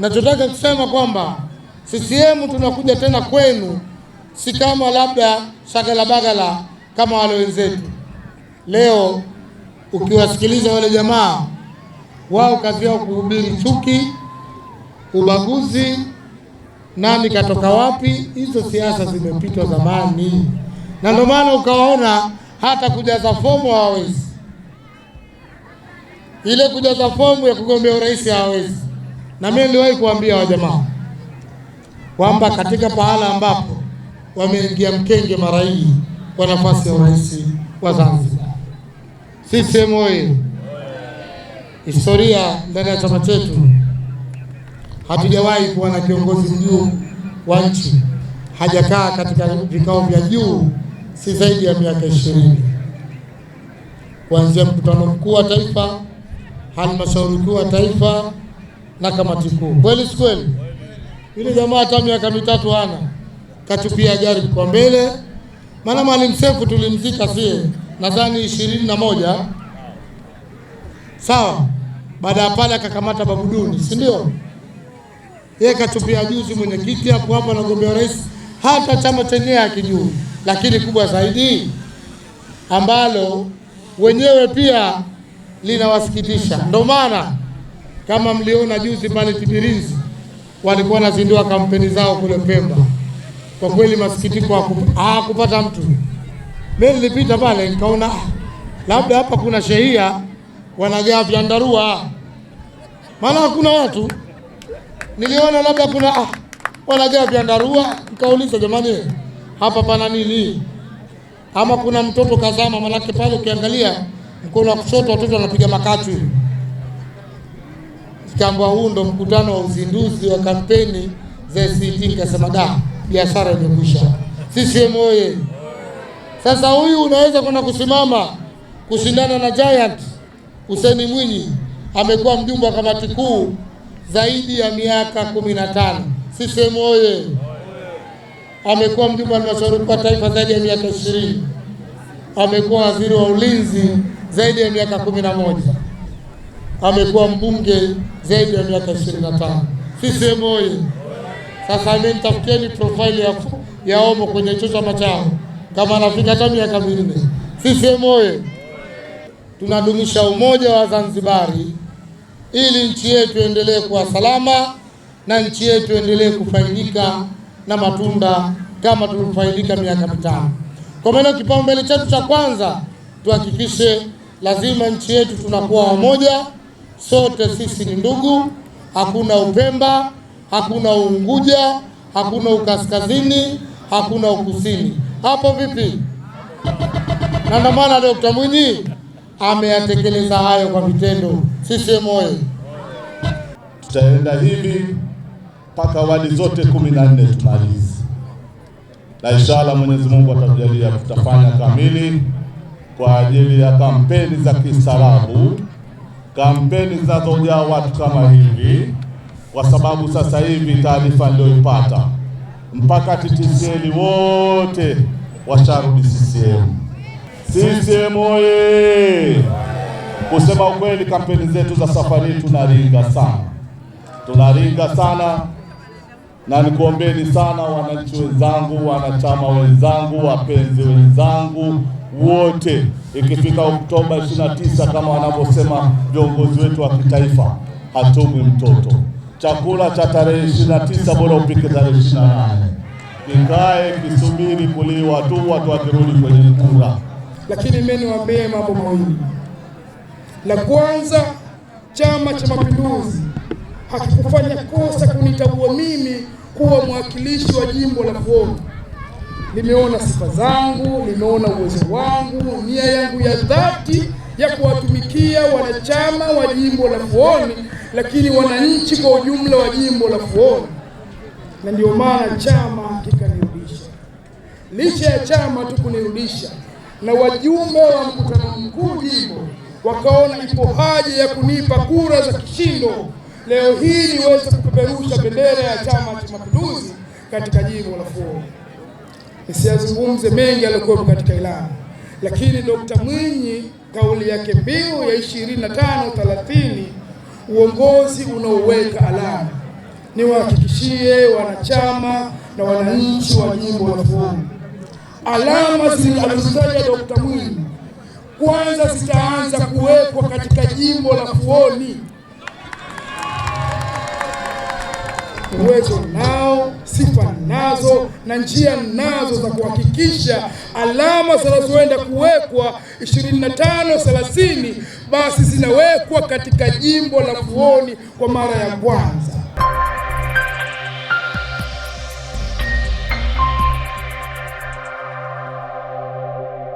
Nachotaka kusema kwamba CCM tunakuja tena kwenu, si kama labda shagala bagala kama wale wenzetu. Leo ukiwasikiliza wale jamaa, wao kazi yao kuhubiri chuki, ubaguzi, nani katoka wapi. Hizo siasa zimepitwa zamani, na ndio maana ukawaona hata kujaza fomu hawawezi, ile kujaza fomu ya kugombea urais hawawezi na mimi niliwahi kuambia wajamaa kwamba katika pahala ambapo wameingia mkenge mara hii kwa nafasi ya urais wa Zanzibar, CCM oyee! Historia ndani ya chama chetu, hatujawahi kuwa na kiongozi mjuu wa nchi hajakaa katika vikao vya juu si zaidi ya miaka ishirini kuanzia mkutano mkuu wa taifa, halmashauri kuu wa taifa na kamati kuu. Kweli si kweli? Yule jamaa hata miaka mitatu hana katupia gari kwa mbele, maana Mwalimu Seif tulimzika sie nadhani ishirini na moja sawa. Baada ya pale akakamata Babuduni, si ndio? Yeye katupia juzi mwenyekiti hapo hapo na gombea rais, hata chama chenyewe akijua. Lakini kubwa zaidi ambalo wenyewe pia linawasikitisha, ndio maana kama mliona juzi pale Tibirizi walikuwa wanazindua kampeni zao kule Pemba, kwa kweli masikitiko hakupata mtu. Mimi nilipita pale nikaona ah, labda hapa kuna shehia wanajaa vyandarua, maana hakuna watu. Niliona labda kuna ah, wanajaa vyandarua, nikauliza jamani, hapa pana nini? Ama kuna mtoto kazama? Manake pale ukiangalia mkono wa kushoto watoto wanapiga makatu Kikambwa, huu ndo mkutano wa uzinduzi wa kampeni za ACT nikasema, da, biashara imekwisha. CCM oye! Sasa huyu unaweza kwenda kusimama kushindana na giant Hussein Mwinyi, amekuwa mjumbe wa kamati kuu zaidi ya miaka kumi na tano. CCM oye! Amekuwa mjumbe wa halmashauri kuu ya taifa zaidi ya miaka ishirini. Amekuwa waziri wa ulinzi zaidi ya miaka kumi na moja amekuwa mbunge zaidi ya miaka ishirini na tano. Sisi moye sasa, amenitafutieni profile ya, ya Omo kwenye chuo cha kama anafika hata miaka minne. Sisi moye tunadumisha umoja wa Zanzibari ili nchi yetu endelee kuwa salama na nchi yetu endelee kufaidika na matunda kama tulivyofaidika miaka mitano. Kwa maana kipaumbele chetu cha kwanza tuhakikishe lazima nchi yetu tunakuwa wamoja. Sote sisi ni ndugu, hakuna Upemba, hakuna Unguja, hakuna ukaskazini, hakuna ukusini. Hapo vipi? Na ndio maana Dkt. Mwinyi ameyatekeleza hayo kwa vitendo. CCM oye Tutaenda hivi mpaka wadi zote kumi na nne tumalize, na inshallah Mwenyezi Mungu atatujalia, tutafanya kamili kwa ajili ya kampeni za kistaarabu kampeni zinazojaa watu kama hivi, kwa sababu sasa hivi taarifa niliyoipata mpaka TTCL wote washarudi CCM. CCM oye! Kusema ukweli, kampeni zetu za safari tunaringa sana, tunaringa sana na nikuombeni sana wananchi wenzangu, wanachama wenzangu, wapenzi wenzangu wote ikifika Oktoba 29 kama wanavyosema viongozi wetu wa kitaifa, hatumwi mtoto. Chakula cha tarehe 29 bora upike tarehe 28, kikae kisubiri kuliwa tu watu wakirudi kwenye kura. Lakini mimi niwaambie mambo mawili. La kwanza, Chama cha Mapinduzi hakikufanya kosa kunitabua mimi kuwa mwakilishi wa jimbo la Vuono nimeona sifa zangu, limeona uwezo wangu, nia yangu ya dhati ya kuwatumikia wanachama wa jimbo la Fuoni, lakini wananchi kwa ujumla wa jimbo la Fuoni, na ndio maana chama kikanirudisha. Licha ya chama tu kunirudisha na wajumbe wa mkutano mkuu jimbo wakaona ipo haja ya kunipa kura za kishindo, leo hii niweze kupeperusha bendera ya Chama cha Mapinduzi katika jimbo la Fuoni nisiyazungumze mengi aliyokuwepo katika ilani, lakini Dkt. Mwinyi kauli yake mbiu ya 25 30 uongozi unaoweka alama. Niwahakikishie wanachama na wananchi wa jimbo la Fuoni, alama zilizozitaja Dkt. Mwinyi kwanza zitaanza kuwekwa katika jimbo la Fuoni. Uwezo nao sifa nazo na njia nazo za kuhakikisha alama zinazoenda kuwekwa 25 30 basi zinawekwa katika jimbo la Fuoni kwa mara ya kwanza.